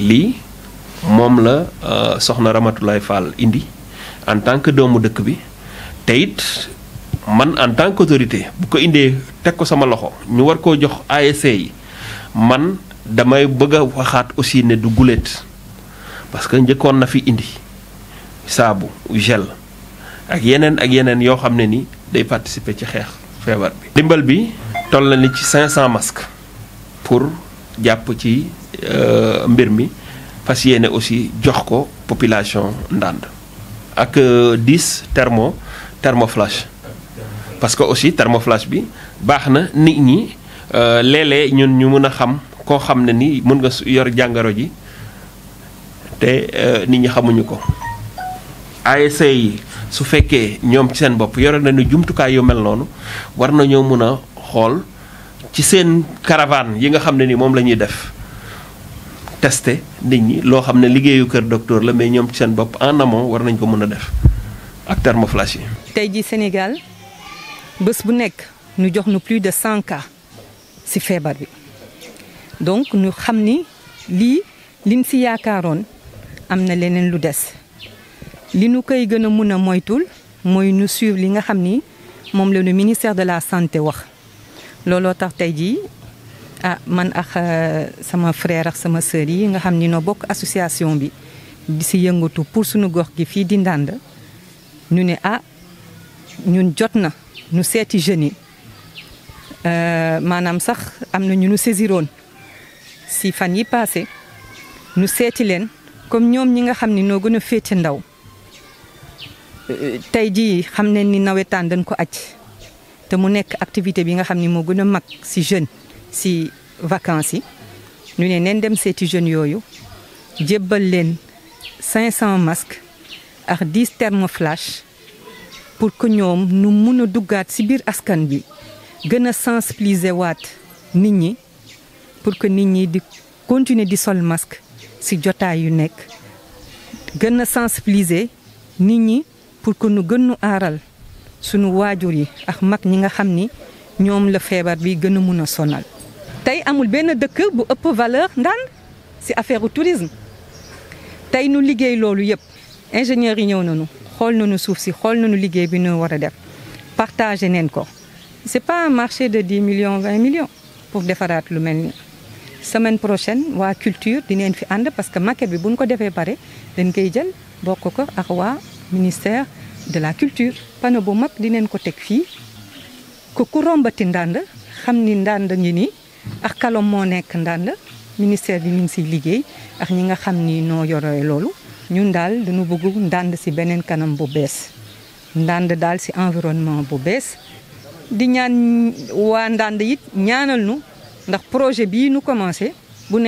lii moom la euh, soxna Ramatulaay Fall indi en tant que doomu dëkk bi te it man en tant autorité bu ko indee teg ko sama loxo ñu war koo jox ASC yi man damay bëgg a waxaat aussi ne du guléet parce que njëkkoon na fi indi saabu gel ak yeneen ak yeneen yoo xam ne ni day participer ci xeex feebar bi. dimbal bi toll na ni ci 500 mask pour. jàpp ci euh, mbir mi fas yéene aussi jox ko population Ndande ak 10 euh, thermo thermoflash parce que aussi thermoflash bi baax na nit ñi euh, léeg-léeg ñun ñu mën a xam koo xam ne ni mën nga yor jàngoro ji te nit ñi xamuñu ko ASC yi su fekkee ñoom ci seen bopp yore nañu jumtukaay yu mel noonu war nañoo mën a xool ci seen caravane yi nga xam ne ni moom lañuy def testé nit ñi loo xam ne liggéeyu kër docteur la mais ñoom ci seen bopp en amont war nañ ko mën a def ak thermoflash yi. tey jii Sénégal bés bu nekk ñu jox nu plus de cent cas ci feebar bi donc nu xam ni lii liñ ci yaakaaroon am na leneen lu des li nu koy gën a mën a moytul mooy nu suivre li nga xam ni moom la nu ministère de la santé wax. looloo tax tey jii ah man ak euh, sama freer ak sama sœur yi nga xam ni no bokk association bi di si yëngatu pour suñu gox gi fii di Ndande ñu ne ah ñun jot na ñu seeti jeunes yi euh, maanaam sax am na ñu nu saisiroon si fan yi passé ñu seeti leen comme ñoom ñi nga xam ni noo gën a féete ndaw euh, tey jii xam ne ni nawetaan dañ ko aj te mu nekk activité bi nga xam ne moo gën a mag si jeune si vacances yi ñu ne neen dem seeti jeune yooyu jébbal leen 500 masques ak 10 thermoflash pour que ñoom nu mun a duggaat si biir askan bi gën a sensibiliser waat nit ñi pour que nit ñi di continuer di sol masque si jotaay yu nekk gën a sensibiliser nit ñi pour que nu gën nu aaral sunu waajur yi ak mag ñi nga xam ni ñoom la bi sonal. amul bu ëpp valeur ndaan affaire tourisme tey nu liggéey loolu ingénieurs yi ñëw nañu xool nañu suuf nañu bi ñu partagé c'est pas un marché de 10 millions 20 millions pour defaraat lu mel semaine prochaine la culture fi parce que maquette bi buñ ko defee dañ koy jël ministère de la culture Les bu mag ko teg fii ku ku rombati ndànd ni ndànd ak ministère bi ngi siy ak ni noo loolu ñun daal dañu bëgg si kanam bu bees ndànd si environnement bu bees di ñaan waa it projet bii nu commencé bu